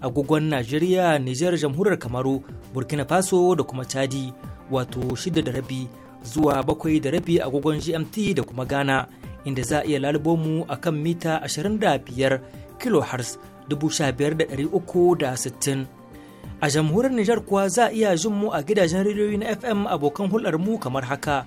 agogon Najeriya, Nijar jamhuriyar Kamaru, Burkina Faso da kuma Chadi wato shida da rabi zuwa bakwai da rabi agogon GMT da kuma Ghana inda za a iya lalubo mu a kan mita 25 kHz 15,360. A jamhuriyar Nijar kuwa za a iya jin mu a gidajen rediyoyi na FM abokan hulɗar mu kamar haka.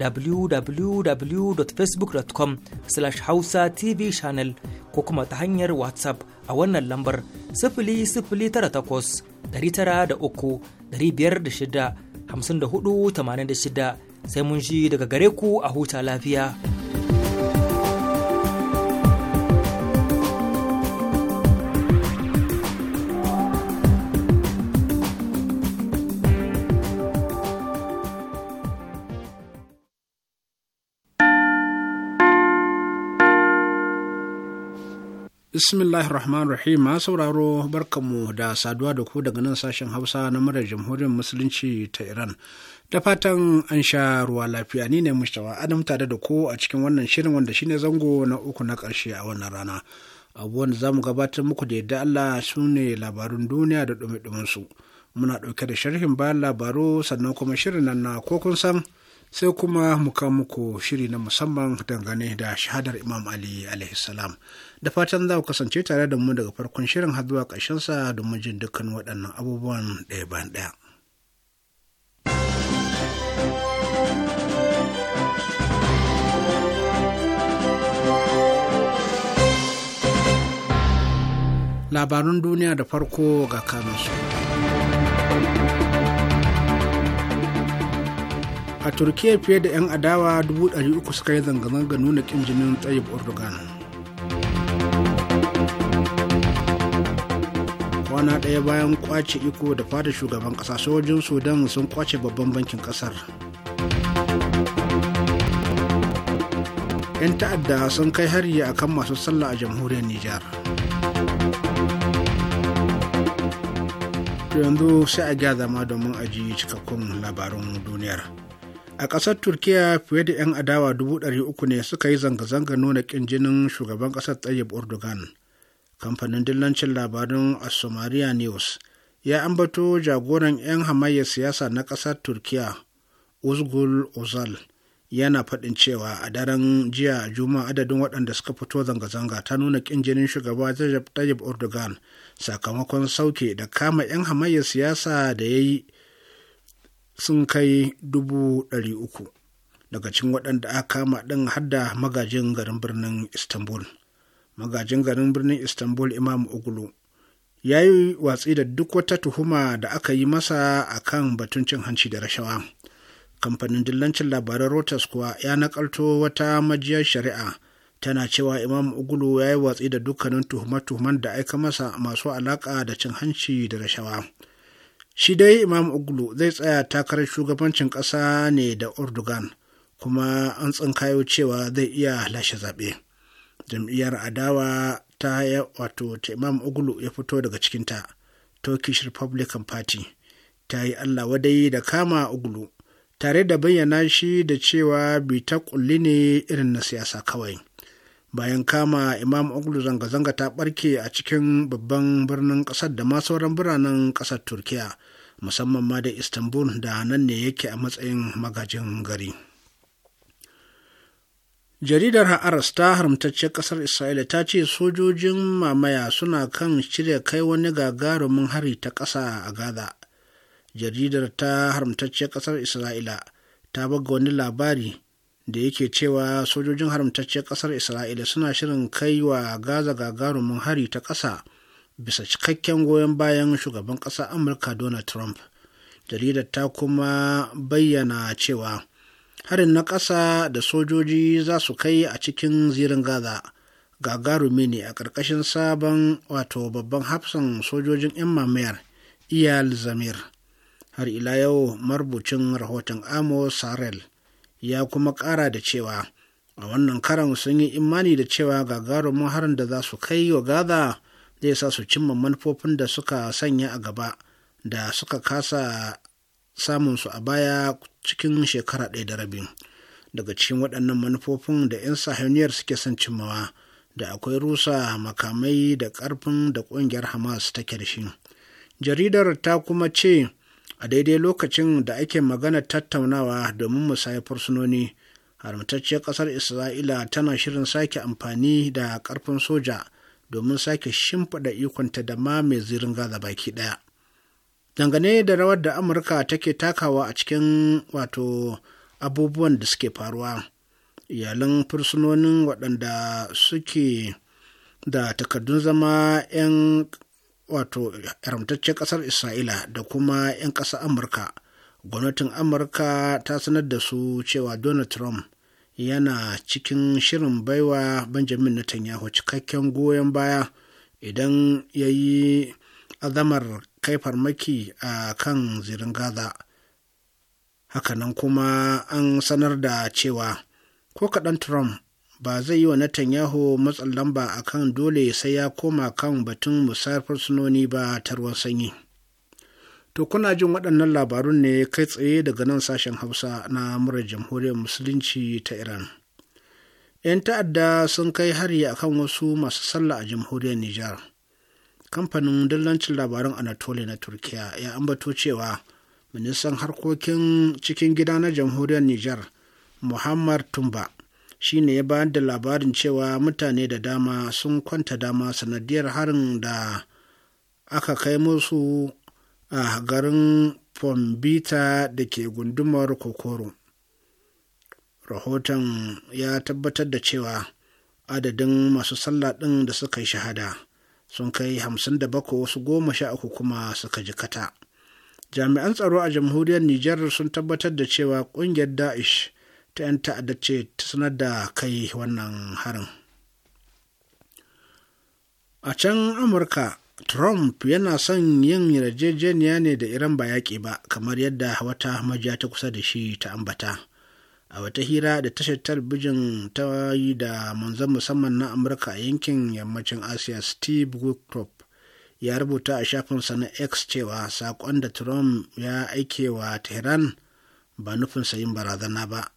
www.facebook.com slash hausa tv channel ko kuma ta hanyar whatsapp a wannan lambar takwas, tara da da shida, da hudu, tamanin da shida, sai mun ji daga gare ku a huta lafiya. bismillahir rahmanir rahim ma sauraro barkanmu da saduwa da ku daga nan sashen hausa na murar jamhuriyar musulunci ta iran da fatan an sha ruwa lafiya ni ne mustawa adam tare da ku a cikin wannan shirin wanda shine zango na uku na karshe a wannan rana abubuwan da za mu gabatar muku da yadda allah su ne labarun duniya da dumi su muna ɗauke da sharhin bayan labaru sannan kuma shirin nan na ko kun san sai kuma mu muku shiri na musamman dangane da shahadar imam ali alaihissalam da fatan za ku kasance tare da mu daga farkon shirin har zuwa ƙarshensa domin jin dukkan waɗannan abubuwan ɗaya bayan ɗaya labarun duniya da farko ga su. a turkiya fiye da 'yan adawa 300 suka yi zanga-zanga nuna kin jinin tsayib erdogan kwana ɗaya bayan kwace iko da fada shugaban ƙasa sojin sudan sun kwace babban bankin ƙasar 'yan ta'adda sun kai hari a kan masu sallah a jamhuriyar nijar yanzu sai a gyara zama domin a aji cikakkun labarun duniyar a ƙasar turkiya fiye da 'yan adawa uku ne suka yi zanga-zanga nuna ƙin jinin shugaban ƙasar tayyip erdogan kamfanin dillancin labarun asomariya news ya ambato jagoran 'yan hamayyar siyasa na ƙasar turkiya uzgul ozal yana faɗin cewa a daren jiya juma'a adadin waɗanda suka fito zanga-zanga ta nuna ƙin jinin shugaba tayyip erdogan sakamakon sauke da kama 'yan hamayyar siyasa da ya yi sun kai dubu ɗari uku daga cikin waɗanda aka kama ɗin hadda magajin garin birnin istanbul magajin garin birnin istanbul imam ugulu, ya yi watsi da duk wata tuhuma da aka yi masa a kan batun cin hanci da rashawa kamfanin dillancin labaran reuters kuwa ya nakalto wata majiyar shari'a tana cewa imam ugulu ya yi watsi da dukkanin tuhumar tuhuman da aika masa masu alaƙa da cin hanci da rashawa. shi dai imam uglu zai tsaya takarar shugabancin ƙasa ne da urdugan kuma an tsinkayo cewa zai iya lashe zaɓe jam'iyyar adawa ta wato ta imam uglu ya fito daga cikinta turkish republican party ta yi allah wadai da kama uglu tare da bayyana shi da cewa bi ta kulli ne irin na siyasa kawai bayan kama imam Uglu zanga-zanga ta barke a cikin babban birnin ƙasar da ma sauran biranen ƙasar turkiya musamman ma da istanbul da nan ne yake a matsayin magajin gari jaridar ha'aras ta haramtacciyar Kasar isra'ila ta ce sojojin mamaya suna kan shirya kai wani gagarumin hari ta ƙasa a gaza jaridar ta haramtacciyar ƙasar isra'ila ta buga wani labari da yake cewa sojojin haramtacciyar ƙasar isra'ila suna shirin kai wa gaza gagarumin hari ta ƙasa bisa cikakken goyon bayan shugaban ƙasa amurka donald trump jaridar ta kuma bayyana cewa harin na ƙasa da sojoji za su kai a cikin zirin gaza gagarumi ne a ƙarƙashin sabon wato babban hafsan sojojin 'yan mamayar iyal zamir har ila yau marubucin rahoton amo sarel ya kuma ƙara da cewa a wannan karan sun yi imani da cewa gagarumin harin da za su kai wa gaza zai sa su cimma manufofin da suka sanya a gaba da suka kasa samun su a baya cikin shekara ɗaya da rabin daga cikin waɗannan manufofin da 'yan sahaniyar suke son cimmawa da akwai rusa makamai da ƙarfin da ƙungiyar hamas ta da jaridar ta kuma ce a daidai lokacin da ake magana tattaunawa domin musayar fursunoni haramtacciyar ƙasar isra'ila tana shirin sake amfani da ƙarfin soja domin sake shimfiɗa ikonta da ma mai zirin gaza baki ɗaya dangane da rawar da amurka take takawa a cikin wato abubuwan da suke faruwa iyalan fursunonin waɗanda suke da takardun zama 'yan wato haramtaccen ƙasar isra'ila da kuma 'yan ƙasar amurka gwamnatin amurka ta sanar da su cewa donald trump yana cikin shirin baiwa benjamin netanyahu cikakken goyon baya idan ya yi azamar kai farmaki a kan zirin gaza hakanan kuma an sanar da cewa ko kaɗan trump ba zai yi wa netanyahu matsin lamba kan dole sai ya koma kan batun musafir sunoni ba ta ruwan sanyi To kuna jin waɗannan labarun ne kai tsaye daga nan sashen Hausa na murar jamhuriyar Musulunci ta Iran. 'Yan ta'adda sun kai hari a kan wasu masu sallah a jamhuriyar Nijar. Kamfanin dillancin labarun Anatoli na Turkiya ya ambato cewa ministan harkokin cikin gida na jamhuriyar Nijar, Muhammad Tumba, shi ne ya bayar da labarin cewa mutane da dama sun kwanta dama sanadiyar harin da aka kai musu a garin fombita da ke gundumar kokoro rahoton ya tabbatar da cewa adadin masu sallah ɗin da suka yi shahada sun kai hamsin da bakwai wasu goma sha uku kuma suka jikata jami'an tsaro a jamhuriyar nijar sun tabbatar da cewa ƙungiyar da'ish ta 'yan ta'adda ce ta sanar da kai wannan harin a can amurka Trump yana son yin yarjejeniya ne da Iran ba yaƙi ba, kamar yadda wata majiya ta kusa da shi ta ambata. A wata hira da tashar talbijin ta yi da manzon musamman na Amurka a yankin yammacin Asiya Steve Woodcroft ya rubuta a shafinsa na X cewa saƙon da Trump ya aike wa Tehran ba nufinsa yin barazana ba.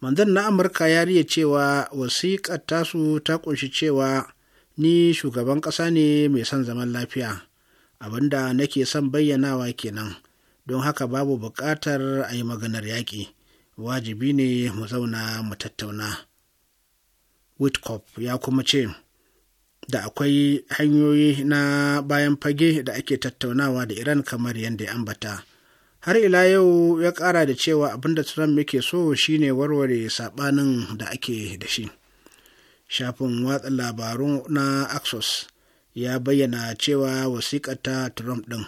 Manzon na Amurka ya riya cewa wasiƙar tasu ta ƙunshi cewa ni shugaban ƙasa ne mai son zaman lafiya abinda nake son bayyanawa kenan don haka babu buƙatar a yi maganar yaƙi wajibi ne mu zauna mu tattauna witkop ya kuma ce da akwai hanyoyi na bayan fage da ake tattaunawa da iran kamar yadda ya ambata har ila yau ya ƙara da cewa abinda trump yake so shine warware saɓanin da ake da shi shafin watsa labaru na axos ya bayyana cewa wasiƙar ta trump ɗin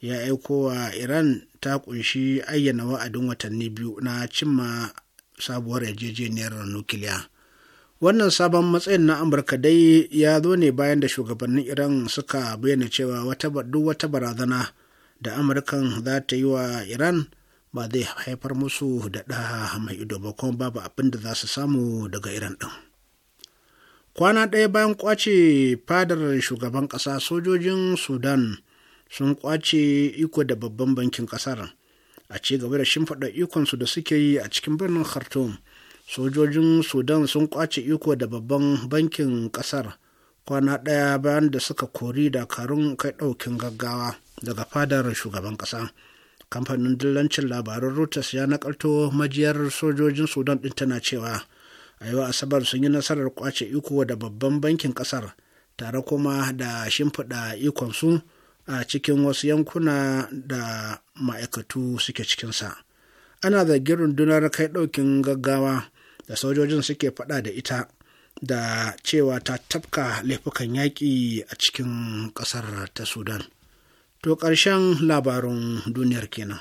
ya aiko wa iran ta kunshi ayyana wa'adin watanni biyu na cimma sabuwar yarjejeniyar nukiliya wannan sabon matsayin na amurka dai ya zo ne bayan da shugabannin iran suka bayyana cewa duk wata barazana da amurkan za ta yi wa iran ba zai haifar musu da ɗaha mai ido ba kuma babu abin da za su samu daga iran ɗin. kwana ɗaya bayan kwace fadar shugaban ƙasa sojojin sudan sun kwace iko da babban bankin ƙasar a ci gaba da shimfiɗa ikonsu da suke yi a cikin birnin khartoum sojojin sudan sun kwace iko da babban bankin ƙasar kwana ɗaya bayan da suka kori dakarun kai ɗaukin gaggawa daga fadar shugaban ƙasa kamfanin dillancin labarun reuters ya nakalto majiyar sojojin sudan ɗin tana cewa a yau asabar sun yi nasarar kwace iko da babban bankin kasar tare kuma da shimfiɗa ikonsu a cikin wasu yankuna da ma'aikatu suke cikinsa ana da rundunar kai ɗaukin gaggawa da sojojin suke faɗa da ita da cewa ta tafka laifukan yaƙi a cikin ƙasar ta sudan to ƙarshen labarin duniyar kenan.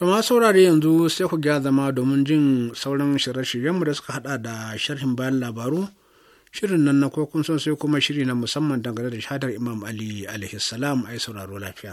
kuma saurare yanzu sai ku gya zama domin jin sauran shirye-shiryenmu da suka hada da sharhin bayan labaru, shirin nan na kokun son sai kuma shiri na musamman dangane da shahadar Imam Ali alaihi salam ai sauraro lafiya.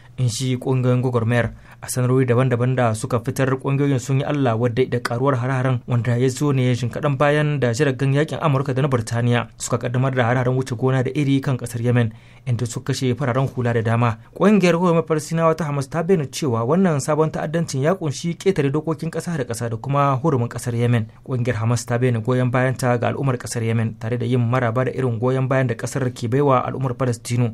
in shi kungiyoyin gwagwarmayar a sanarwar daban-daban da suka fitar kungiyoyin sun yi allah wadda da karuwar hararen wanda ya zo ne jin kadan bayan da jiragen yakin amurka da na Burtaniya suka kaddamar da hararen wuce gona da iri kan kasar yemen inda suka kashe fararen hula da dama ƙungiyar hukumar farsinawa ta hamas ta bayyana cewa wannan sabon ta'addancin ya kunshi ketare dokokin ƙasa da kasa da kuma hurumin kasar yemen ƙungiyar hamas ta bayyana goyon bayanta ga al'ummar kasar yemen tare da yin maraba da irin goyon bayan da kasar ke baiwa al'ummar falastinu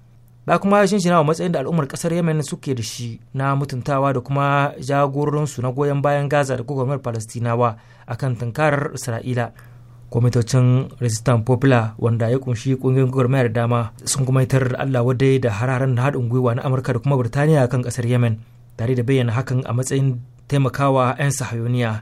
ba kuma shinshina wa matsayin da al'ummar kasar yemen suke da shi na mutuntawa da kuma jagororinsu na goyon bayan gaza da gwamnatin palestinawa kan tunkarar isra'ila kwamitocin resistance popular wanda ya kunshi kungiyoyin gwamnati da dama sun kuma yitar da allah wadai da hararen na haɗin gwiwa na amurka da kuma birtaniya kan kasar yemen tare da bayyana hakan a matsayin taimakawa 'yan sahayoniya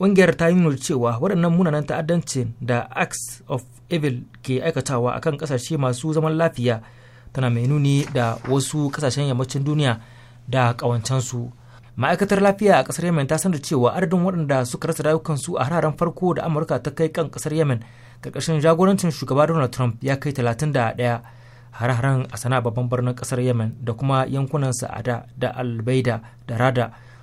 ƙungiyar ta yi nuna cewa waɗannan munanan ta'addancin da acts of evil ke aikatawa akan ƙasashe masu zaman lafiya tana mai nuni da wasu ƙasashen yammacin duniya da ƙawancensu ma'aikatar lafiya a ƙasar yemen ta sanar cewa adadin waɗanda suka rasa rayukansu a hararen farko da amurka ta kai kan ƙasar yemen ƙarƙashin jagorancin shugaba donald trump ya kai talatin da ɗaya hare-haren a sana babban birnin ƙasar yemen da kuma yankunan sa'ada da albaida da rada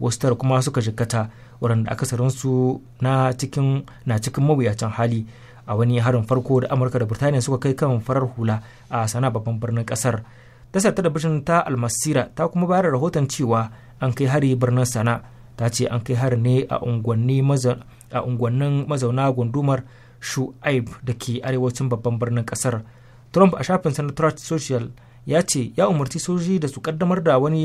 wasu tara kuma suka jikkata waɗanda akasarinsu na cikin na cikin mawuyacin hali a wani harin farko da amurka da birtaniya suka kai kan farar hula a sana babban birnin kasar tasar talabijin ta almasira ta kuma bayar da rahoton cewa an kai hari birnin sana ta ce an kai hari ne a unguwannin mazauna gundumar shu'aib da ke arewacin babban birnin kasar trump a shafin na social ya ce ya umarci soji da su kaddamar da wani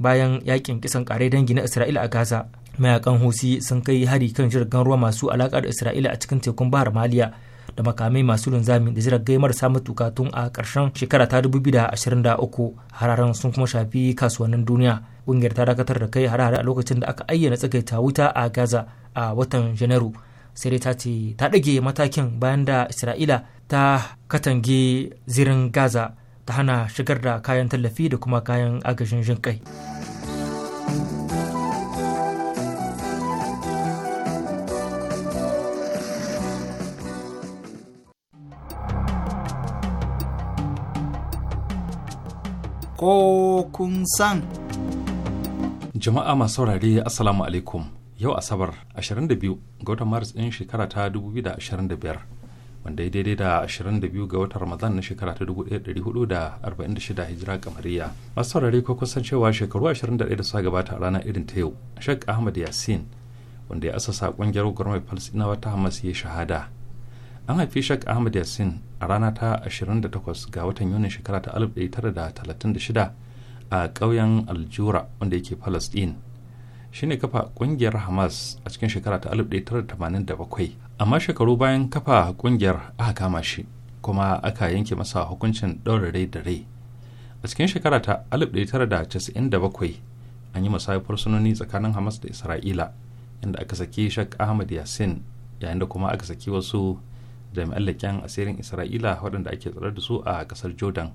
bayan yakin kisan kare dangi na isra'ila a gaza mayakan husi sun kai hari kan jirgin ruwa masu alaka da isra'ila a cikin tekun bahar maliya da makamai masu linzami da jiragai marasa matuka tun a ƙarshen shekara ta 2023 hararen sun kuma shafi kasuwannin duniya ƙungiyar ta dakatar da kai harare a lokacin da aka ayyana tsagaita wuta a gaza a watan janairu sai dai ta ce ta ɗage matakin bayan da isra'ila ta katange zirin gaza ta hana shigar da kayan tallafi da kuma kayan agajin jin kai. Ko kun san. Jama'a masu saurare Assalamu alaikum. Yau Asabar 22 ga watan Maris ɗin shekara ta 2025. wanda ya daidai da 22 ga watan ramadan na shekara ta 1446 hijira kamariya masu saurare ko kusan cewa shekaru 21 da suka gabata a rana irin ta yau shek ahmad yasin wanda ya sakon kungiyar gwamnati palestinawa ta hamas ya shahada an haifi shek ahmad yasin a rana ta 28 ga watan yunin shekara ta 1936 a ƙauyen aljura wanda yake palestine shine kafa kungiyar hamas a cikin shekara ta 1987 amma shekaru bayan kafa kungiyar aka kama shi kuma aka yanke masa hukuncin ɗaure rai da rai a cikin shekara ta 1997 an yi musayar fursunoni tsakanin hamas da isra'ila inda aka saki shak ahmad yasin yayin da kuma aka saki wasu jami'an leƙen asirin isra'ila waɗanda ake tsare da su a ƙasar jordan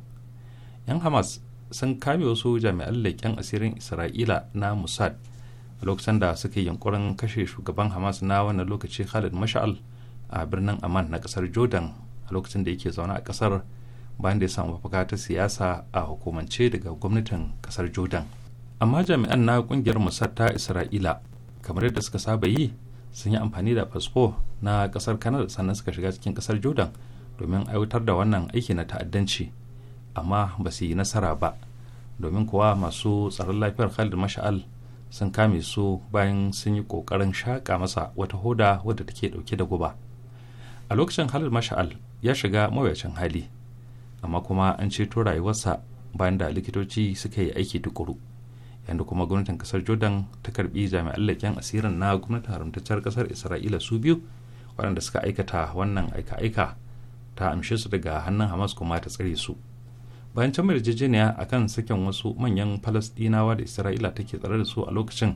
yan hamas sun kame wasu jami'an leƙen asirin isra'ila na musad. a lokacin da suka yi yunkurin kashe shugaban hamas na wannan lokaci khalid mashal a birnin amman na kasar jordan a lokacin da yake zaune a kasar bayan da ya samu mafaka ta siyasa a hukumance daga gwamnatin kasar jordan amma jami'an na kungiyar musar ta isra'ila kamar yadda suka saba yi sun yi amfani da fasfo na kasar canada sannan suka shiga cikin kasar jordan domin aiwatar da wannan aiki na ta'addanci amma ba su yi nasara ba domin kuwa masu tsaron lafiyar khalid mashal sun kame su bayan sun yi ƙoƙarin shaƙa masa wata hoda wadda take ɗauke da guba a lokacin halar mashal ya shiga mawuyacin hali amma kuma an ceto rayuwarsa bayan da likitoci suka yi aiki tukuru yadda kuma gwamnatin kasar jordan ta karbi jami'an laƙen asirin na gwamnatin haramtacciyar kasar isra'ila su biyu waɗanda suka aikata wannan aika-aika ta amshe su daga hannun hamas kuma ta tsare su bayan can yarjejeniya a kan sakin wasu manyan falasdinawa da isra'ila take tsare da su a lokacin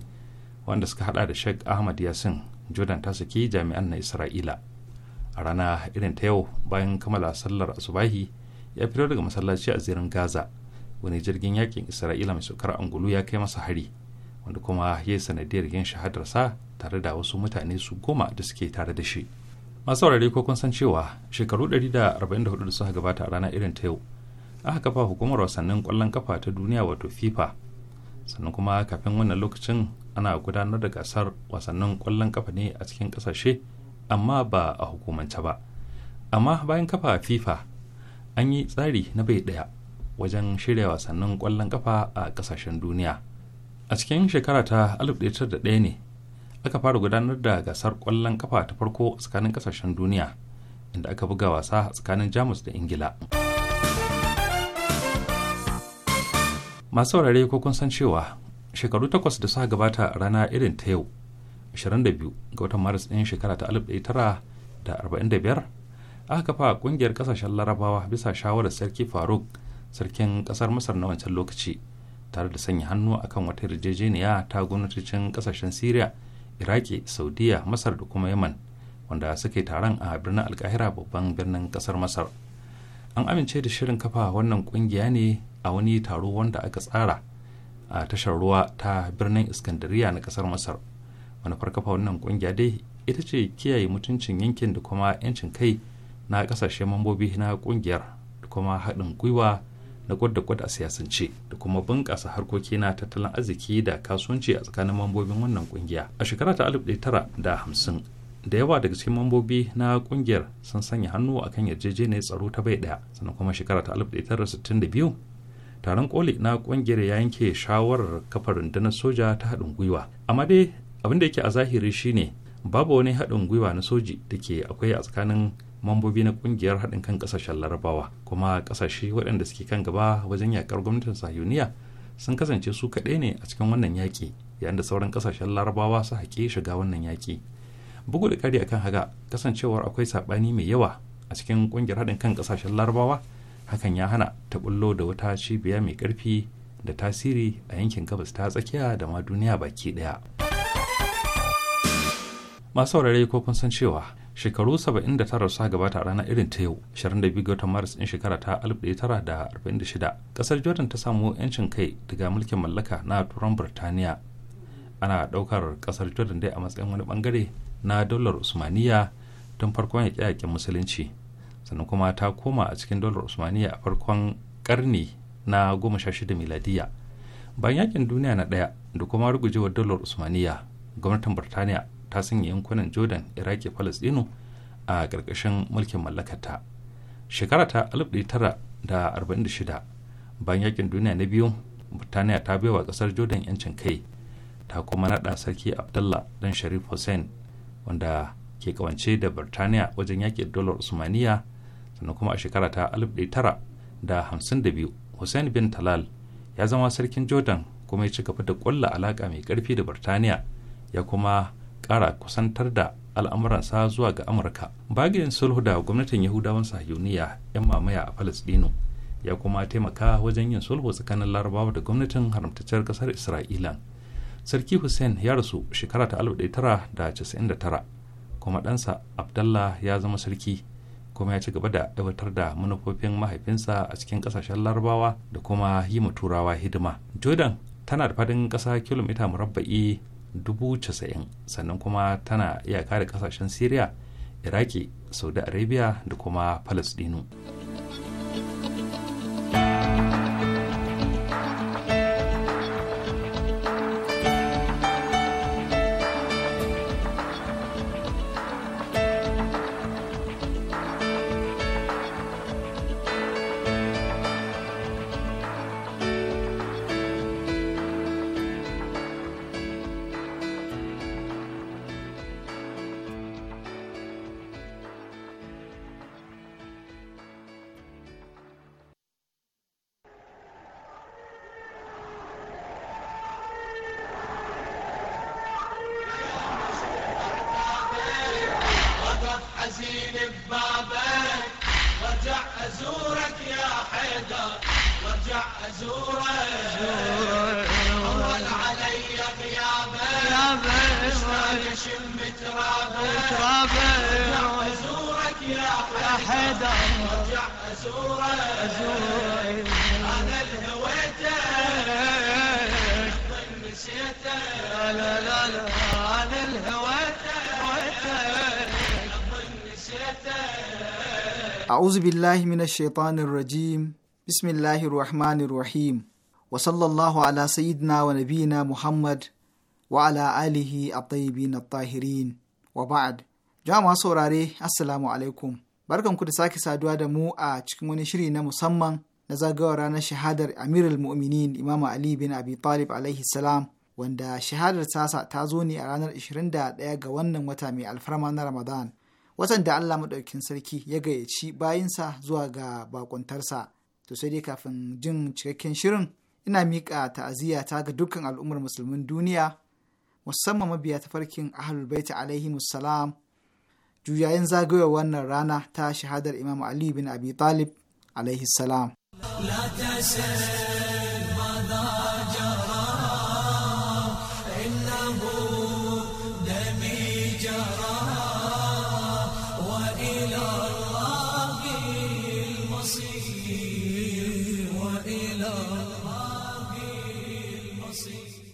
wanda suka hada da sheikh ahmad yasin jordan ta saki jami'an na isra'ila a rana irin ta yau bayan kammala sallar asubahi ya fito daga masallaci a zirin gaza wani jirgin yakin isra'ila mai saukar angulu ya kai masa hari wanda kuma ya yi sanadiyar yin shahadarsa tare da wasu mutane su goma da suke tare da shi masu saurare ko kun san cewa shekaru 144 da suka gabata a rana irin ta yau aka kafa hukumar wasannin kwallon kafa ta duniya wato fifa sannan kuma kafin wannan lokacin ana gudanar da gasar wasannin kwallon kafa ne a cikin kasashe amma ba a hukumance ba amma bayan kafa fifa an yi tsari na bai daya wajen shirya wasannin kwallon kafa a kasashen duniya a cikin shekara ta alif da 1901 ne aka fara gudanar da gasar kwallon kafa ta farko tsakanin kasashen duniya inda aka buga wasa tsakanin jamus da ingila. masu saurare ko kun san cewa shekaru takwas da suka gabata rana irin ta yau 22 ga watan maris ɗin shekara ta 1945 aka kafa ƙungiyar ƙasashen larabawa bisa shawarar sarki faruk sarkin ƙasar masar na wancan lokaci tare da sanya hannu akan wata yarjejeniya ta gwamnatocin ƙasashen syria iraki saudiya masar da kuma yaman wanda suke taron a birnin alkahira babban birnin ƙasar masar an amince da shirin kafa wannan ƙungiya ne a wani taro wanda aka tsara a tashar ruwa ta birnin iskandariya na kasar masar manufar kafa wannan kungiya dai ita ce kiyaye mutuncin yankin da kuma 'yancin kai na kasashe mambobi na kungiyar da kuma haɗin gwiwa na gwad a siyasance da kuma bunƙasa harkoki na tattalin arziki da kasuwanci a tsakanin mambobin wannan kungiya a shekara ta alif tara da hamsin da yawa daga cikin mambobi na kungiyar sun sanya hannu akan yarjejeniyar tsaro ta bai ɗaya sannan kuma shekara ta alif tara da sittin biyu. taron koli na kungiyar ya yanke shawarar kafar rundunar soja ta haɗin gwiwa amma dai abin da yake a zahiri shine babu wani haɗin gwiwa na soji da ke akwai a tsakanin mambobi na kungiyar haɗin kan ƙasashen larabawa kuma ƙasashe waɗanda suke kan gaba wajen yakar gwamnatin sayuniya sun kasance su kaɗai ne a cikin wannan yaƙi yayin da sauran ƙasashen larabawa su haƙe shiga wannan yaƙi bugu da ƙari akan haka kasancewar akwai saɓani mai yawa a cikin kungiyar haɗin kan ƙasashen larabawa hakan ya hana ta bullo da wata cibiya mai karfi da tasiri a yankin gabas ta tsakiya da ma duniya baki ɗaya masu saurare ko kun san cewa shekaru 79 sa gabata a ranar irin ta yau 22 ga maris din shekara ta 1946 kasar jordan ta samu 'yancin kai daga mulkin mallaka na turan burtaniya ana daukar kasar jordan dai a matsayin wani bangare na daular usmaniya tun farkon yaƙe-yaƙen musulunci sannan kuma ta koma a cikin dolar usmaniya a farkon karni na goma sha shida miladiya bayan yakin duniya na daya da kuma rugujewar dolar usmaniya gwamnatin burtaniya ta sanya yankunan jordan iraki dinu a ƙarƙashin mulkin mallakata shekara ta shida bayan yakin duniya na biyu birtaniya ta baiwa ƙasar jordan yancin kai ta kuma naɗa sarki abdullah dan sharif hussein wanda ke kawance da birtaniya wajen yakin dolar usmaniya sannan kuma a shekara ta 1952 hussein bin talal ya zama sarkin jordan kuma ya ci gaba da ƙulla alaƙa mai ƙarfi da birtaniya ya kuma ƙara kusantar da al'amuransa zuwa ga amurka bagayen sulhu da gwamnatin yahudawan sahiyuniya 'yan mamaya a falastinu ya kuma taimaka wajen yin sulhu tsakanin larabawa da gwamnatin haramtacciyar kasar isra'ila sarki hussein ya rasu shekara ta 1999 kuma ɗansa abdallah ya zama sarki kuma ya ci gaba da aiwatar da manufofin mahaifinsa a cikin kasashen larabawa da kuma yi turawa hidima jordan tana da fadin kasa kilomita murabba'i dubu casa'in sannan kuma tana iyaka da kasashen syria iraki saudi arabia da kuma palestinu a'udhu billahi minash shaitanir rajim bismillahir rahmanir rahim wa sallallahu ala sayyidina wa nabiyina muhammad wa ala alihi at-tayyibin at-tahirin wa ba'd jama'a saurare assalamu alaikum barkanku da sake saduwa da mu a cikin wani shiri na musamman na zagawar ranar shahadar Amiral mu'minin imam ali bin abi talib alaihi salam wanda shahadar tasa ta zo ne a ranar 21 ga wannan wata mai alfarma na ramadan da Allah maɗaukin sarki ya gayyaci bayinsa zuwa ga bakuntarsa. To sai dai kafin jin cikakken shirin ina miƙa ta'aziyata ga dukkan al'ummar musulmin duniya musamman mabiya tafarkin ahlul baiti alaihi musalam juyayin zagayowar wannan rana ta shahadar imam ali bin abi talib alaihi salam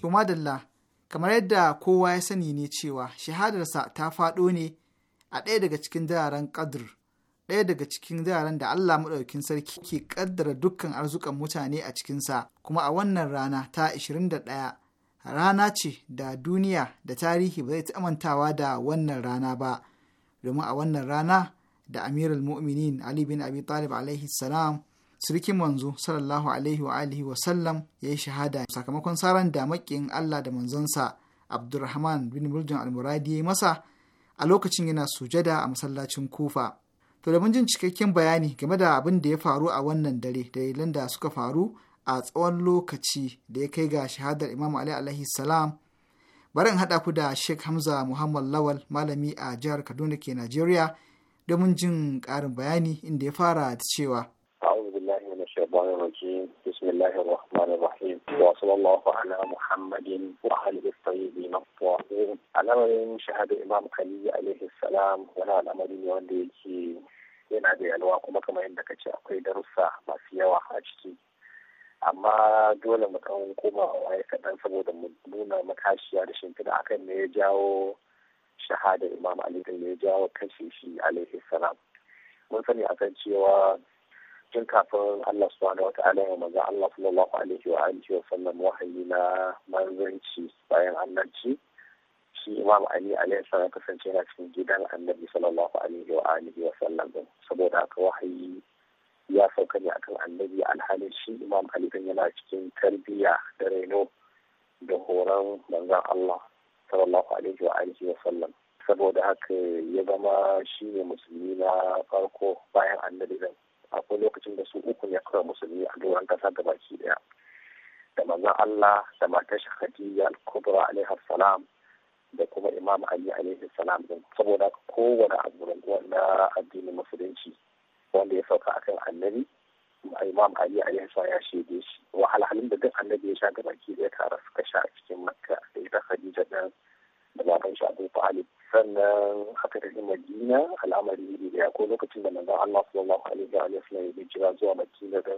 To kamar yadda kowa ya sani ne cewa shahadarsa ta faɗo ne a ɗaya daga cikin dararen ƙadur, ɗaya daga cikin dararen da Allah maɗaukin sarki ke ƙaddara dukkan arzukan mutane a cikinsa, kuma a wannan rana ta 21 rana ce da duniya da tarihi ba zai ta amantawa da wannan rana ba, domin a wannan rana da Amirul Mu'minin Ali bin Abi Talib alaihi salam sirikin manzo sallallahu alaihi wa alihi wa sallam ya yi shahada sakamakon saran da Allah da manzonsa Abdulrahman bin Murjan al-Muradi ya masa a lokacin yana sujada a masallacin Kufa. To da mun jin cikakken bayani game da abin da ya faru a wannan dare da dalilan da suka faru a tsawon lokaci da ya kai ga shahadar Imam Ali alaihi salam bari in haɗa ku da Sheikh Hamza Muhammad Lawal malami a jihar Kaduna ke Najeriya domin jin ƙarin bayani inda ya fara da cewa الله الرحمن الرحيم وصلى الله على محمد وآله الطيبين الطاهرين al'amarin shahada imam khaliyu alaihi salam wani al'amari ne wanda yake yana da yalwa kuma kamar yadda ka ce akwai darussa masu yawa a ciki amma dole mu kan koma waye kaɗan saboda mu nuna matashiya da shimfiɗa akan ne ya jawo shahada imam ali da ya jawo kashe shi alaihi salam mun sani akan cewa tun kafin Allah subhanahu wa ta'ala ya maza, Allah sallallahu alaihi wa alihi wa sallam wahayi na manzanci bayan annabci shi Imam Ali alaihi salam kasance yana cikin gidan Annabi sallallahu alaihi wa alihi wa sallam saboda haka wahayi ya sauka ne akan Annabi alhalin shi Imam Ali din yana cikin tarbiyya da reno da horon manzon Allah sallallahu alaihi wa alihi wa sallam saboda haka ya zama shi ne musulmi na farko bayan annabi akwai lokacin da su uku ne suka musulmi a doron kasa ga baki daya da manzon Allah da matar shi Khadija al-Kubra alaiha salam da kuma Imam Ali alaihi salam din saboda kowane abu na addinin musulunci wanda ya sauka akan annabi Imam Ali alaihi salam ya shaide shi wahalhalun da duk annabi ya sha gabaki daya tare suka sha a cikin Makka da ita Khadija din da baban shi Abu Talib sannan aka tafi madina al'amari ne da ko lokacin da manzon Allah sallallahu alaihi wa sallam ya hijira zuwa madina da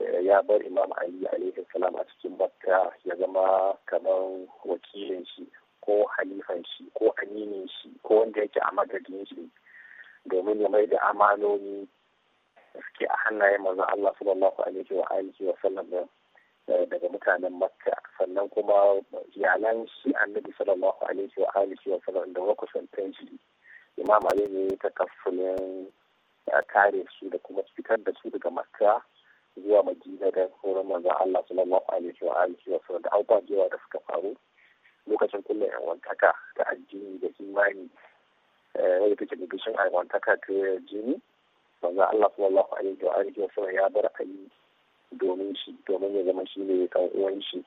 eh, ya bar imam ali alaihi salam a cikin bakka ya zama kamar wakilin shi ko halifan shi ko aminin shi ko wanda yake a madadin shi domin ya mai da amanoni suke a hannayen manzon Allah sallallahu alaihi wa alihi wa sallam Eh, daga mutanen makka sannan kuma iyalan shi annabi sallallahu alaihi wa alihi wa sallam da wa makusantan shi imam ali ne ta kafulin eh, kare su da kuma fitar da su daga makka zuwa madina da horon manzon Allah sallallahu alaihi wa alihi wa sallam da abubuwa da suka faru lokacin kullum yan wantaka da addini da imani eh, wanda take da gishin aiwantaka ta jini manzon Allah sallallahu alaihi wa alihi wa sallam ya bar ayi domin shi domin ya zama shi ne kan uwan shi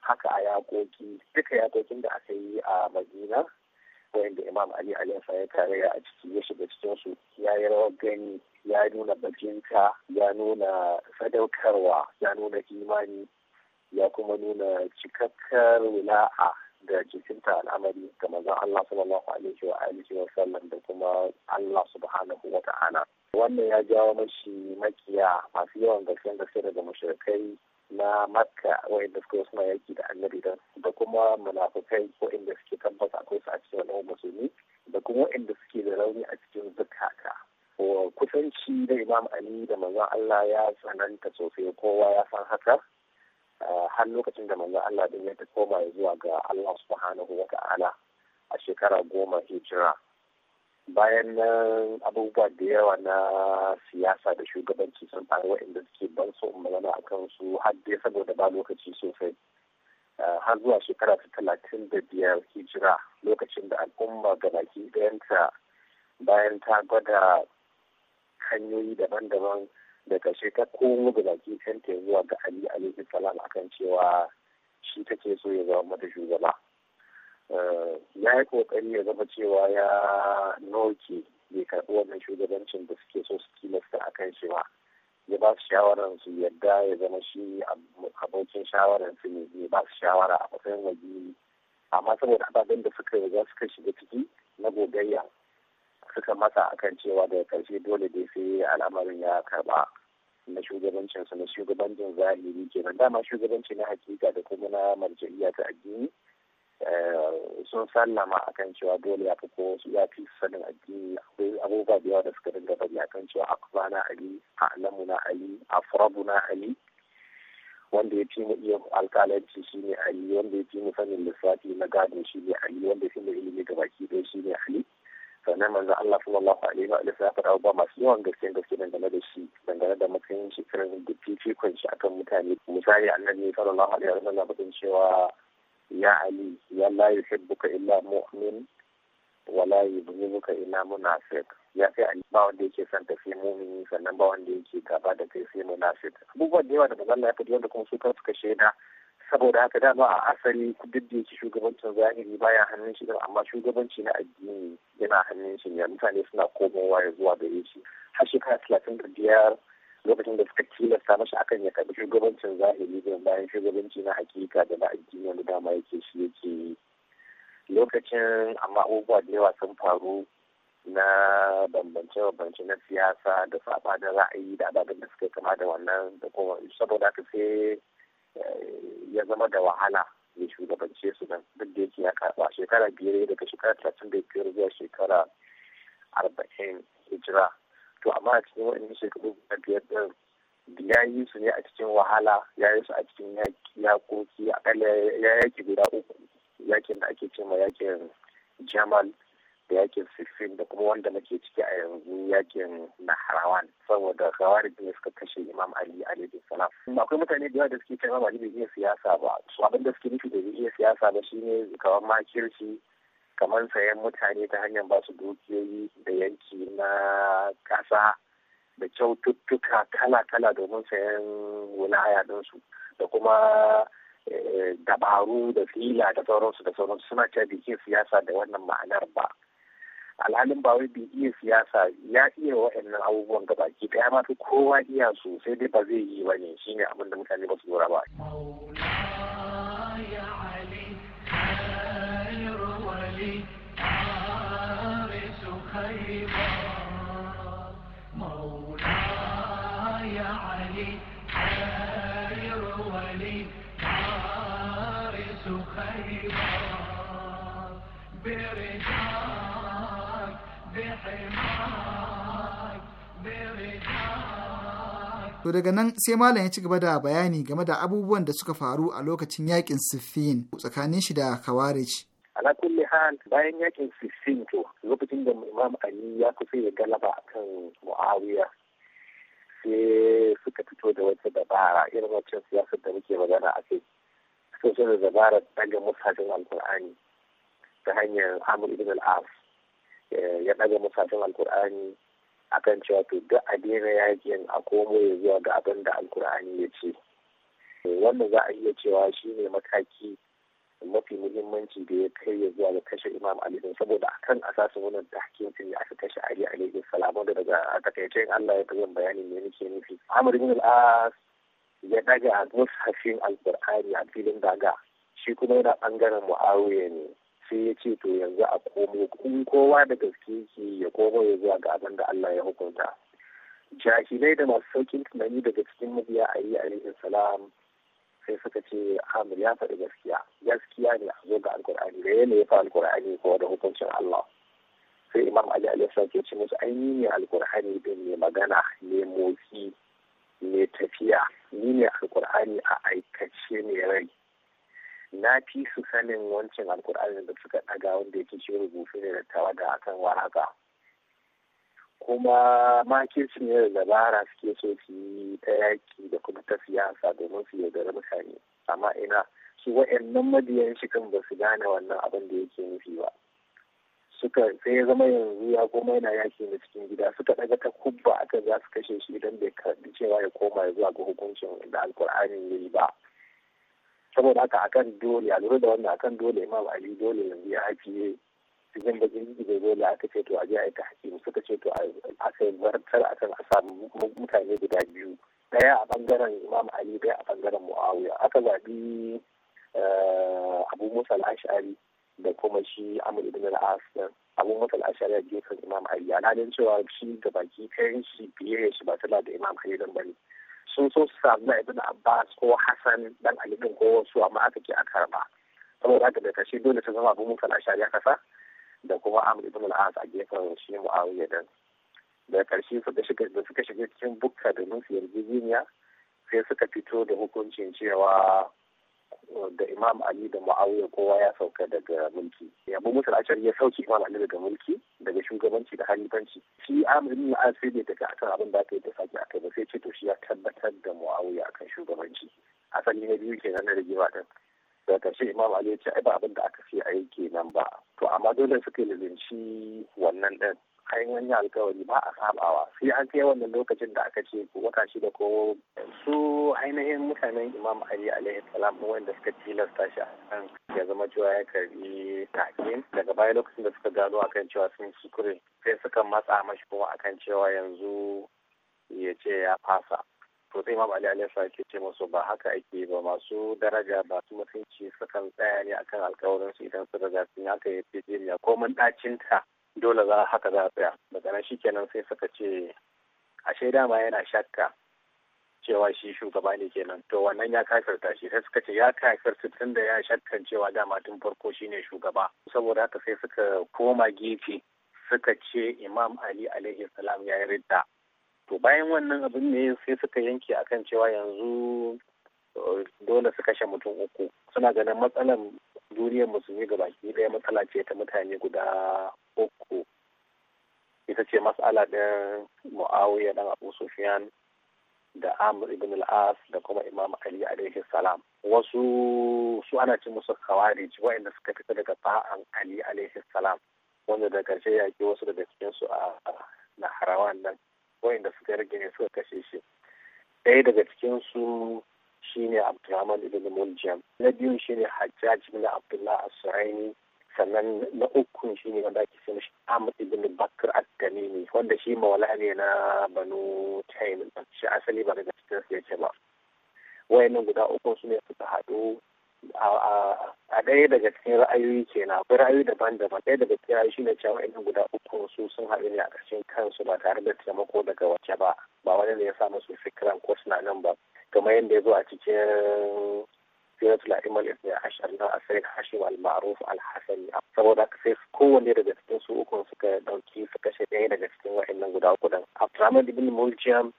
haka a yakoki duka yakokin da aka yi a madina wayanda imam ali alifa ya kare a ciki ya shiga cikin su ya yi rawar gani ya nuna bakinka ya nuna sadaukarwa ya nuna imani ya kuma nuna cikakkar wula'a da jikinta al'amari ga manzon Allah sallallahu alaihi wa alihi wa sallam da kuma Allah subhanahu wa ta'ala wannan ya jawo mashi makiya masu yawan gaske gaske daga mashirkai na makka wa'inda suka suna yaki da annabi dan da kuma munafukai inda suke tabbata akwai su a cikin al'ummar musulmi da kuma wa'inda suke da rauni a cikin zukata kusanci da imam ali da manzon allah ya tsananta sosai kowa ya san haka har lokacin da manzon allah din ya ta koma zuwa ga allah subhanahu wa ta'ala a shekara goma hijira bayan abubuwa da yawa na siyasa da shugabanci sun faru inda suke ban su magana a kan su har saboda ba lokaci sosai ah, har zuwa shekara ta talatin da biyar hijira lokacin da al'umma ga baki ɗayanta bayan ta gwada hanyoyi daban-daban da ƙarshe ta komo baki ɗayanta zuwa ga ali alaihi salam akan cewa shi take so ya zama mata shugaba Eh, ya yi kokari ya zama cewa ya noke bai karɓi wannan shugabancin da suke so su tilasta a kan shi ba ya ba su shawarar su yadda ya zama shi abokin shawarar su ne ya ba su shawara a matsayin waje amma saboda ababen da suka riga suka shiga ciki na gogayya suka masa akan cewa daga karshe dole dai sai al'amarin ya karba na su na shugabancin zahiri kenan dama shugabanci na hakika da kuma na marjariya ta addini Eh, sun sallama akan cewa dole ya fi ko ya fi sanin addini akwai abubuwa da yawa da suka dinga bari akan cewa akwa na ali alamu na ali afrabu na ali wanda ya fi mu iya alƙalanci shi ne ali wanda ya fi mu sanin lissafi na gadon shi ne ali wanda ya fi mu ilimi ga baki ɗaya shi ne ali sannan manzon Allah sallallahu alaihi wa sallam ya faɗa abubuwa masu yawan gaske gaske dangane da shi dangane da matsayin shi irin da fifikon shi akan mutane misali annabi sallallahu alaihi wa sallam ya faɗin cewa ya ali ya la yuhibbuka illa mu'min wa la yubghiduka illa munafiq ya sai ali ba wanda yake son ta sai mu'mini sannan ba wanda yake gaba da kai sai munafiq abubuwa da yawa da manzon Allah ya faɗi wanda kuma su kan suka shaida saboda haka dama a asali duk da yake shugabancin zahiri baya hannun shi amma shugabanci na addini yana hannun shi ne mutane suna komowa zuwa gare shi har shekara talatin da biyar lokacin da suka tilasta mashi akan ya karbi shugabancin zahiri da bayan shugabanci na hakika da na addini da dama yake shi yake yi lokacin amma abubuwa da yawa sun faru na bambance-bambance na siyasa da da ra'ayi da ababen da suka kama da wannan da kuma saboda haka sai eh, ya zama da wahala ya shugabance su nan duk da yake ya karba shekara biyar daga shekara talatin da biyar zuwa shekara arba'in hijira to amma a cikin waɗannan shekaru guda biyar ɗin ya yi su ne a cikin wahala ya yi su a cikin a akalla ya yaƙi guda uku yaƙin da ake cewa yaƙin jamal da yaƙin siffin da kuma wanda muke ciki a yanzu yakin naharawan saboda kawar ne suka kashe imam ali alaihi salam akwai mutane da yawa da suke cewa imam ali bai iya siyasa ba su abin da suke nufi da bai iya siyasa ba shine kamar makirci kamar sayan mutane ta hanyar basu dukiyoyi da yanki na ƙasa da kyaututtuka kala-kala domin sayan wilaya su da kuma eh, dabaru da fila da sauransu da sauransu suna cewa bai iya siyasa da wannan ma'anar ba alhalin ba wai bai siyasa ya iya wa'annan abubuwan gabaki baki ɗaya ma kowa iya sosai, dai ba zai yi ba ne shine abin da mutane ba su lura ba. To daga nan sai Malam ya ci gaba da bayani game da abubuwan da suka faru a lokacin yakin Siffin tsakanin shi da Kawarij. ala kulli hal bayan yakin Siffin to lokacin da Imam Ali ya kusa ya galaba akan Muawiya sai suka fito da wata dabara irin wacce siyasar da muke magana a kai sun so da dabara daga musafin alkur'ani ta hanyar amur ibn al'af eh, ya daga musafin alkur'ani kan cewa to duk a daina yakin a komo ya zuwa ga abin da alkur'ani ya ce eh, wanda za a iya cewa shi ne mataki mafi muhimmanci da ya kai ya zuwa ga kashe imam ali saboda saboda kan asasin wannan tahkikin ne aka kashe ali alaihi salam da daga takaicen Allah ya yin bayani ne nake nufi amr ibn ya daga mushafin alkur'ani a filin daga shi kuma yana bangaren mu'awiya ne sai ya ce to yanzu a komo in kowa da gaske ke ya komo ya zuwa ga abin da Allah ya hukunta jahilai da masu saukin tunani daga cikin mabiya a yi alaihi salam sai suka ce hamil ya faɗi gaskiya gaskiya ne a zo ga alkur'ani da yana ya fa alkur'ani ko da hukuncin Allah sai imam ali alaihi salam ke ce musu ainihin alkur'ani din ne magana ne motsi mai tafiya ni ne alkur'ani a aikace mai rai na fi su sanin wancan alkur'ani da suka ɗaga wanda yake shi rubutu ne da tawa da akan waraka kuma makirci ne da dabara suke so su yi ta yaki da kuma ta siyasa domin su yaudara mutane amma ina su wa'annan madiyan shi kan ba su gane wannan abin da yake nufi ba suka sai ya zama yanzu ya goma yana yaki na cikin gida suka ɗaga ta kubba aka za su kashe shi idan bai karbi cewa ya koma ya zuwa ga hukuncin da alkur'ani ya yi ba saboda haka akan dole a lura da wannan akan dole imam ali dole yanzu ya haƙi cikin da jirgi da dole aka ce to a je a yi ta hakimu suka ce to a sai zartar akan a samu mutane guda biyu daya a bangaren imam ali daya a bangaren muawiya aka zaɓi eh, abu musa al'ashari da kuma shi amur ibn al-as abu mutal ashari a gefen imam ali alhalin cewa shi da baki kayan shi biye shi ba tala da imam ali dan bane sun so su samu na ibn abbas ko hassan dan ali din ko wasu amma aka ke a karba saboda haka da kashe dole ta zama abu mutal ashari a kasa da kuma amur ibn al-as a gefen shi muawiya dan da karshe su da suka shiga cikin bukka domin su yarjejeniya sai suka fito da hukuncin cewa da imam ali da muawiya kowa ya sauka daga mulki bu Musul ashar ya sauki imam ali daga mulki daga shugabanci da halifanci shi amir bin al sai ne daga akan abin da aka yi ta sake akai ba sai ce to shi ya tabbatar da muawiya akan shugabanci asali na biyu kenan na rigima din daga ƙarshe imam ali ya ce ai ba abin da aka fi aiki nan ba to amma dole suka yi lalinci wannan din kayan wani alkawari ba a sabawa sai an kai wannan lokacin da aka ce wata shi da ko su ainihin mutanen imam ali alaihi salam wanda suka tilasta shi kan ya zama cewa ya karbi takin daga baya lokacin da suka gano akan cewa sun sukure sai suka matsa mashi kuma akan cewa yanzu ya ce ya fasa to sai imam ali alaihi salam ke ce masu ba haka ake ba masu daraja ba su mutunci sukan tsaya ne akan alkawarin su idan su riga sun haka ya fi jiriya ko mun dacinta dole za haka za a tsaya daga nan shi kenan sai suka ce a shaida ma yana shakka cewa shi shugaba ne kenan to wannan ya kafirta shi sai suka ce ya kafirta tun da ya shakkan cewa dama tun farko shine shugaba saboda haka sai suka koma gefe suka ce imam ali alaihi salam ya yi ridda to bayan wannan abin ne sai suka yanke akan cewa yanzu uh, dole su kashe mutum uku suna ganin matsalar. duniyar musulmi ga baki ɗaya matsala ce ta mutane guda uku ita ce matsala ɗin mu'awiyya ɗan abu sufyan da amur ibn al-as da kuma imam ali alaihi salam wasu su ana ce musu khawarij wa'anda suka fita daga fa'an ali alaihi salam wanda da karshe ya ke wasu daga cikin su a na harawan nan wa'anda suka rage ne suka kashe shi ɗaya daga cikin su shine Abdulrahman ibn Muljam na biyu shine Hajjaj ibn Abdullah As-Suraini sannan na uku shine wanda ake ce Ahmad ibn Bakr At-Tamimi wanda shi mawala ne na Banu Taym shi asali ba daga cikin su yake ba wayannan guda uku su ne suka haɗu a ɗaya daga cikin ra'ayoyi kenan akwai ra'ayoyi daban-daban ɗaya daga cikin ra'ayoyi shine cewa wayannan guda uku su sun haɗu ne a ƙarshen kansu ba tare da taimako daga wace ba ba wani ne ya sa musu fikiran ko suna nan ba kamar yadda ya zo a cikin siratul imal ibn ashar na asaid hashim al ma'ruf al hasani saboda sai kowanne daga cikin su ukun suka dauki suka kashe ɗaya daga cikin wa'annan guda uku din abdurrahman ibn muljam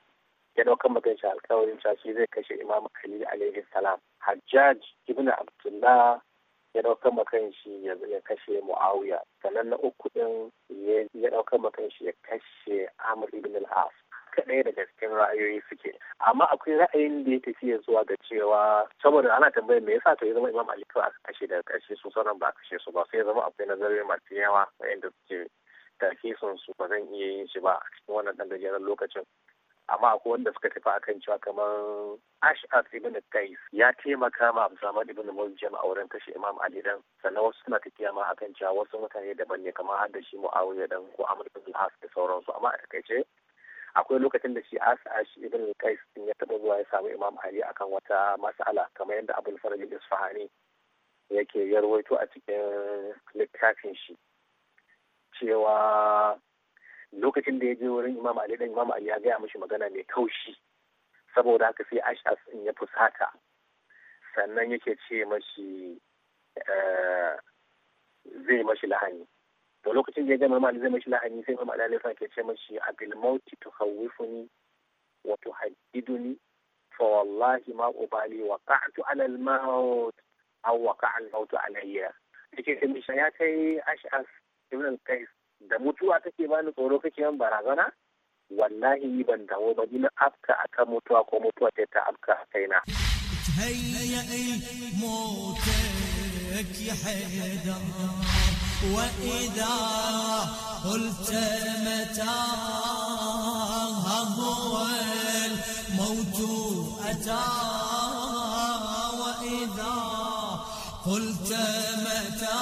ya ɗaukan magan shi alkawarin shi zai kashe imam ali alaihi salam hajjaj ibn abdullah ya ɗaukan makan shi ya kashe muawiya sannan na uku din ya ɗaukar makan shi ya kashe amr ibn al-as haka daga cikin ra'ayoyi suke amma akwai ra'ayin da ya tafiya zuwa ga cewa saboda ana tambayar me yasa to ya zama imam ali kawai aka kashe daga ƙarshe su sauran ba a kashe su ba sai ya zama akwai nazari masu yawa waɗanda suke tarkisin su ba zan iya yin shi ba a cikin wannan ɗan gajeren lokacin amma akwai wanda suka tafi akan cewa kamar ash'ar ibn kais ya taimaka ma abdulsamad ibn muljam a wurin kashe imam ali dan sannan wasu suna tafiya ma akan cewa wasu mutane daban ne kamar har da shi muawiya dan ko amr ibn al da sauransu amma a takaice akwai lokacin da shi idan ibn qais ya taba zuwa ya samu imam ali akan wata mas'ala kamar yadda abul faraj isfahani yake yarwaito a cikin littafin shi cewa lokacin da ya je wurin imam ali dan imam ali ya gaya mishi magana mai taushi. saboda haka sai ashas ya fusata sannan yake ce mashi eh, zai mashi lahani to lokacin da ya ga mamali zai mashi lahani sai mamali alifa ke ce mashi abil mauti tu hawifuni wa tu ni fa wallahi ma ubali waqa'tu ala al maut aw waqa'a al maut alayya yake ce mishi ya kai ash'as ibn al qais da mutuwa take bani tsoro kake yan barazana wallahi ni ban dawo ba dina afka akan mutuwa ko mutuwa ce ta afka a kaina هيئ موتك يا حيدر وإذا قلت متى هو الموت أتى وإذا قلت متى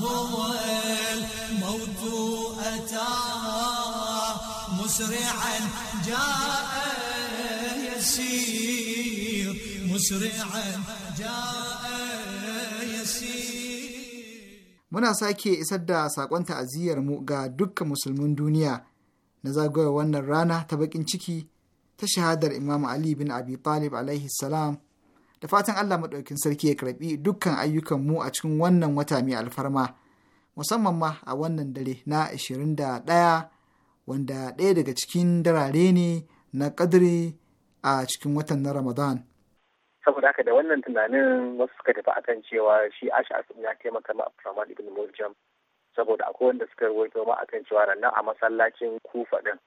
هو الموت أتى مسرعا جاء يسير مسرعا جاء يسير muna sake isar da saƙon ta'aziyyarmu ga dukkan musulmin duniya na zagayowar wannan rana ta baƙin ciki ta shahadar Imam Ali bin Abi Talib alaihi salam da fatan Allah maɗaukin sarki ya karɓi dukkan ayyukan mu a cikin wannan wata mai alfarma musamman ma a wannan dare na ashirin da ɗaya wanda ɗaya daga cikin darare ne na ƙadiri a cikin watan na Ramadan. saboda haka da wannan tunanin wasu suka tafi akan cewa shi ash'as ya taimaka ma abdulrahman ibn muljam saboda akwai wanda suka rawaito ma akan cewa nan a masallacin kufa ɗin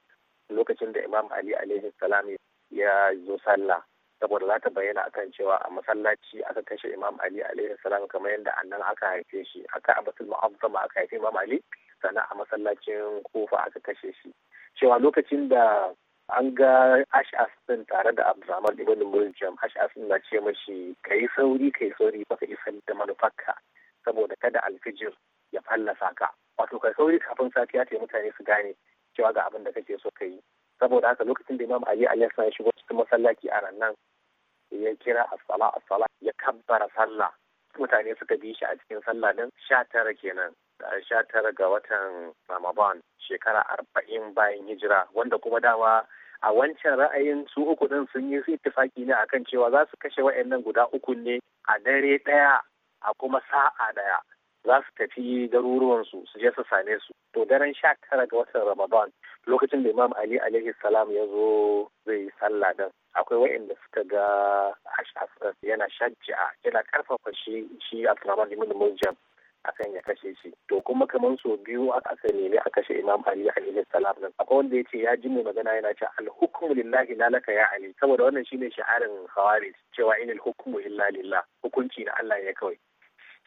lokacin da imam ali alaihi salam ya zo sallah saboda za ta bayyana akan cewa a masallaci aka kashe imam ali alaihi salam kamar yadda annan aka haife shi aka abatul mu'azzama aka haife imam ali sannan a masallacin kufa aka kashe shi cewa lokacin da an ga hashas din tare da abdulrahman ibn muljam din na ce mashi ka yi sauri kai sauri ba ka isar da manufarka saboda kada alfijir ya fallasa ka wato ka sauri kafin safiya ta mutane su gane cewa ga abin da kake so ka yi saboda haka lokacin da imam ali alayhi ya shigo cikin masallaci a nan ya kira as-sala as-sala ya kabbara sallah mutane suka bi shi a cikin sallah din sha tara kenan sha tara ga watan Ramadan shekara arba'in bayan hijira wanda kuma dama a wancan ra'ayin su uku din sun yi ittifaki ne akan cewa za su kashe wa'annan guda uku ne a dare ɗaya a kuma sa'a ɗaya za su tafi garuruwansu su je su same su to daren sha tara ga watan Ramadan lokacin da Imam Ali alaihi salam ya zo zai sallah din akwai wa'inda suka ga yana shajja yana karfafa shi shi Abdurrahman ibn Muljam akan ya kashe shi to kuma kamar sau biyu aka nemi a kashe imam ali alaihi salam nan akwai wanda ya ce ya ji mai magana yana cewa al hukmu lillahi la laka ya ali saboda wannan shine shi'arin khawarij cewa inil hukmu illa lillah hukunci na Allah ya kawai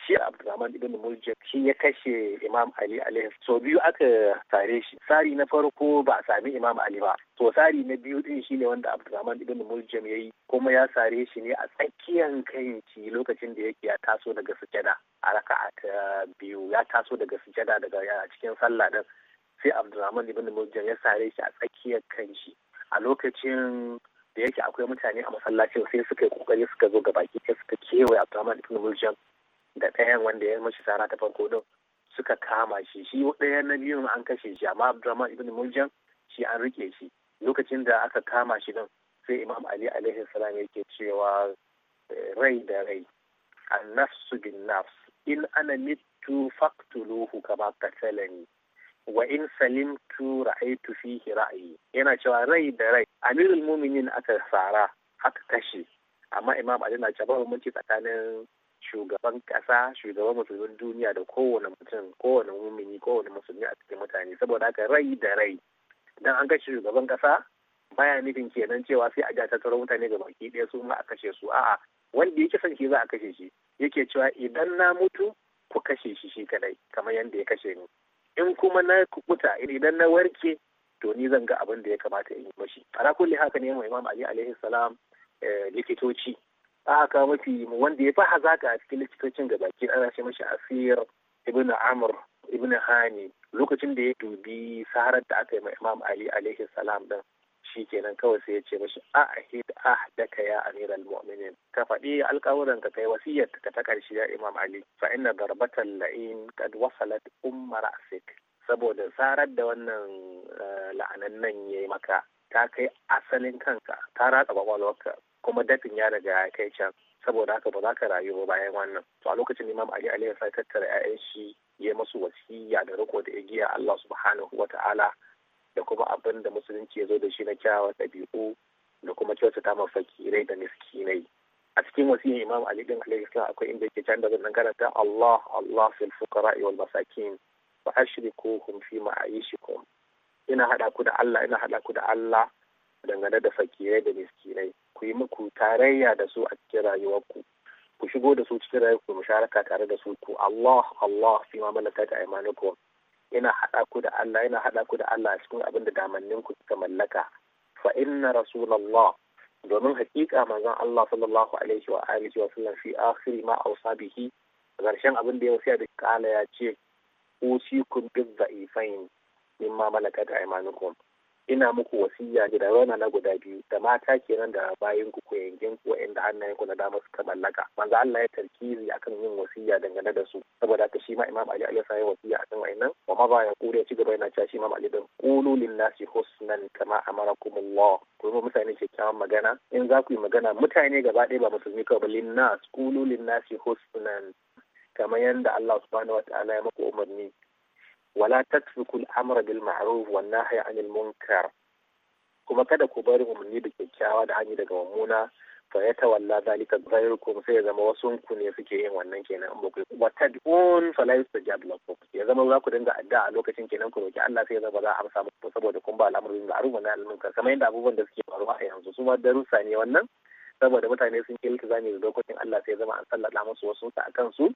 shi Abdulrahman ibn Muljab shi ya kashe Imam Ali alaihi so biyu aka sare shi sari na farko ba a sami Imam Ali ba to sari na biyu din shi ne wanda Abdulrahman ibn Muljam yi. kuma ya sare shi ne a tsakiyar kanki lokacin da yake ya taso daga sujada a raka'a ta biyu ya taso daga sujada daga cikin sallah din sai Abdulrahman ibn Muljam ya sare shi a tsakiyar kanci a lokacin da yake akwai mutane a masallacin sai suka yi kokari suka zo gabaki sai suka kewaye Abdulrahman ibn Muljam da ɗayan wanda ya mashi sara ta farko din suka kama shi shi ɗaya na biyun an kashe shi amma Abdurrahman ibn Muljan shi an rike shi lokacin da aka kama shi din sai Imam Ali alaihi salam yake cewa eh, rai da rai an nafsu bin nafs in ana mitu faqtuluhu kama qatalani wa in salimtu ra'aytu fihi ra'ayi yana cewa rai da rai amirul muminin aka sara aka kashe amma imam ali na cewa babu mutunci tsakanin shugaban kasa shugaban musulmin duniya da kowane mutum kowane mumini kowane musulmi a cikin mutane saboda haka rai da rai dan an kashe shugaban kasa baya nufin kenan cewa sai a ja ta tsoron mutane ga baki ɗaya su ma a kashe su a'a wanda yake son shi za a kashe shi yake cewa idan na mutu ku kashe shi shi kadai kamar yadda ya kashe ni in kuma na kukuta idan na warke to ni zan ga abin da ya kamata in yi mashi a kulli haka ne mai imam ali alaihi salam eh, likitoci aka kawo mafi wanda ya fi hazaka a cikin likitocin gaba baki ana ce mashi asir ibn amr ibn hani lokacin da ya dubi saharar da aka yi ma imam ali alaihi salam din shi kenan kawai sai ya ce mashi ahid ahdaka ya amiral mu'minin ka faɗi alƙawuran ka kai wasiyar ka ta ƙarshe ya imam ali fa inna darbatan la'in kad wasalat umma ra'sik saboda sarar da wannan eh, la'anan nan yayi maka ta kai asalin kanka ta ratsa kwakwalwarka kuma dafin ya riga ya kai can saboda haka ba za ka rayu ba bayan wannan to a lokacin imam ali alayhi sai tattara 'ya'yan shi ya masu wasiya da riko da igiya Allah subhanahu wa ta'ala da kuma abin da musulunci ya zo da shi na kyawa ɗabi'u da kuma kyautata ma fakirai da miskinai a cikin wasiyyar imam ali din alayhi salam akwai inda yake can da zan karanta Allah Allah fil fuqara'i wal masakin wa ashrikuhum fi ma'ayishikum ina hada ku da Allah ina hada ku da Allah dangane da fakirai da miskinai ku yi muku tarayya da su a cikin rayuwarku ku shigo da su cikin rayuwarku musharaka tare da su ku Allah Allah fi ma malakat aymanukum yana haɗa ku da Allah haɗa ku da Allah cikin abin da damannin ku suka mallaka fa inna rasulallah domin hakika manzon Allah sallallahu alaihi wa alihi wa sallam fi akhiri ma ausa bihi garshen abin da ya wasiya da kala ya ce usikum bi dha'ifain mimma malakat aymanukum ina muku wasiya ne da rauna na guda biyu da mata kenan da bayan ku ku yankin ku wa'anda hannayen ku na dama suka mallaka manzo Allah ya tarkizi akan yin wasiya dangane da su saboda ka shi ma Imam Ali alaihi salam wasiya akan wa'annan wa ma ba ya kure ci gaba yana cewa shi Imam Ali dan qulu lin nasi husnan kama amarakumullah ku yi mutane kyakkyawan magana in za ku yi magana mutane gaba ɗaya ba musulmi kawai ba lin nas qulu lin nasi husnan kamar yadda Allah subhanahu wa ta'ala ya maku umarni wala tasfikul amra bil ma'ruf wan nahya anil munkar kuma kada ku bari umarni da kyakkyawa da hanyar daga mummuna fa ya tawalla zalika ghayrukum sai ya zama wasu ku ne suke yin wannan kenan in baku wa tad'un fa la yustajab lakum ya zama za ku dinga adda a lokacin kenan ku roki Allah sai ya zama za a amsa muku saboda kun ba al'amarin ma'ruf wa na al'umma kamar yadda abubuwan da suke faruwa a yanzu su ma darussa ne wannan saboda mutane sun yi iltizami da lokacin, Allah sai ya zama an sallama musu wasu ta akan su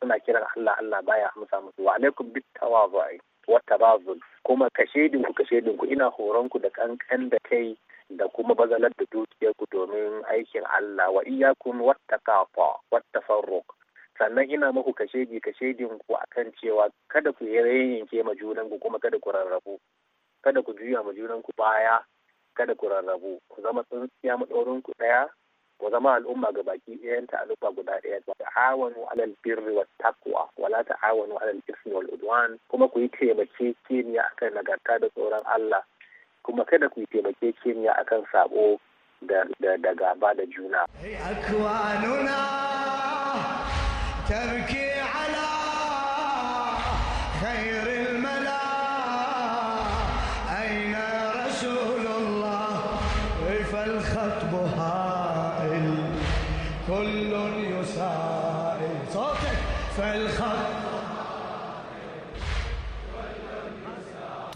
suna kiran Allah Allah baya amsa musu wa alaikum bit tawazu'i wa tabazul kuma ka ku ka ku ina horon ku da kankan da kai da kuma bazalar da dukiyar ku domin aikin Allah wa iyyakum wattaqafa wattafarruq sannan ina muku kashedi kashedin ku akan cewa kada ku yayyanke ma junan ku kuma kada ku rarrabu kada ku juya ma junan ku baya kada ku rarrabu ku zama tsintsiya maɗaurin ku ɗaya wa zama al'umma ga baki ɗayan ta al'umma guda ɗaya ta ta'awanu alal birri wa Takwa wala la ta'awanu alal ismi wal udwan kuma ku yi taimakekeniya akan nagarta da tsoron Allah kuma kada ku yi taimakekeniya akan sabo da da gaba da juna. Hey,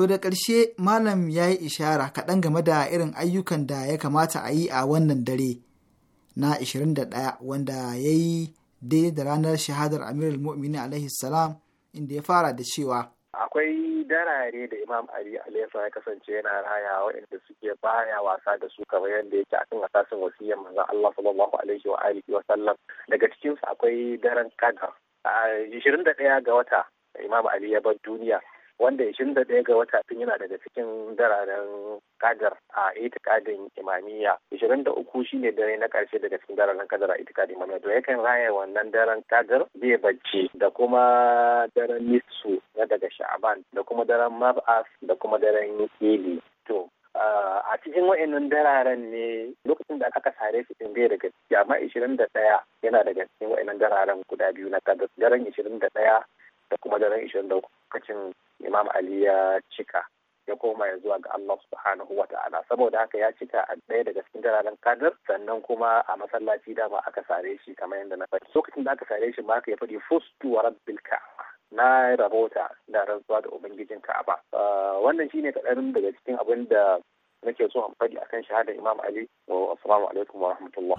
To da ƙarshe malam ya yi ishara kaɗan game da irin ayyukan da ya kamata a yi a wannan dare na 21 wanda ya yi dai da ranar shahadar Amirul Mu'mini alaihi salam inda ya fara da cewa. Akwai darare da Imam Ali Alaifa ya kasance yana raya waɗanda suke baya wasa da su kamar yadda yake akan asasin wasiyyar manzon Allah sallallahu alaihi wa alihi wa sallam daga cikinsu akwai daren kada A 21 ga wata Imam Ali ya bar duniya wanda 21 ga wata tun yana daga cikin dararen kadar a itikadin imamiyya 23 shine dare na karshe daga cikin dararen kadar a itikadin imamiya. to yakan raya wannan daren kadar bai bacci da kuma daren nisu na daga sha'aban da kuma daren mab'as da kuma daren ili to a cikin wa'annan dararen ne lokacin da aka sare su in bai daga jama'a 21 yana daga cikin wa'annan dararen guda biyu na kadar daren 21 da kuma daren ishirin da lokacin imam ali ya cika ya koma ya zuwa ga Allah subhanahu wa ta'ala saboda haka ya cika a ɗaya daga cikin dararen kadar sannan kuma a masallaci dama aka sare shi kamar yadda na faɗi lokacin da aka sare shi ma aka ya faɗi fustu wa rabbil na rabota da rantsuwa da ubangijin ka'aba ah, wannan shine kaɗan daga cikin abin da nake so in faɗi akan shahadar Imam Ali wa assalamu alaikum wa rahmatullah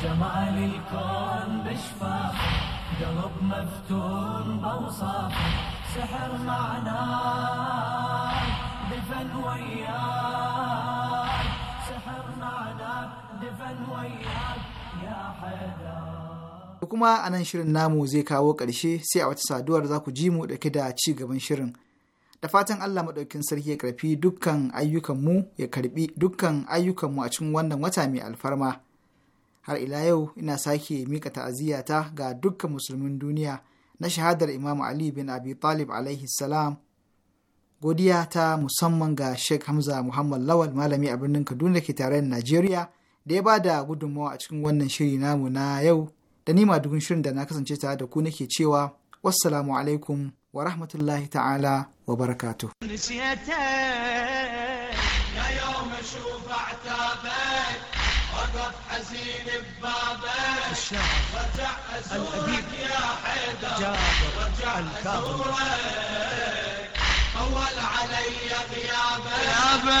جمال الكون بشفاف قلب مفتون بوصاف سحر معنا دفن وياك سحر معنا دفن وياك يا حدا kuma a nan shirin namu zai kawo ƙarshe sai a wata saduwar za ku ji mu ɗauke da ci gaban shirin da fatan Allah maɗaukin sarki ya karfi dukkan ayyukanmu ya karbi dukkan ayyukanmu a cikin wannan wata mai alfarma har ila yau ina sake mika ta'aziyata ga dukkan musulmin duniya na shahadar imam ali bin abi talib alaihi salam godiya ta musamman ga sheikh hamza muhammad lawal malami a birnin kaduna da ke na najeriya da ya ba da gudunmawa a cikin wannan shiri namu na yau da ni dukkan shirin da na kasance tare da ku nake cewa wassalamu alaikum wa rahmatullahi ta'ala wa barakatu لحظة حزين ببابك رجع أزورك يا حيدر رجع أزورك طول علي غيابك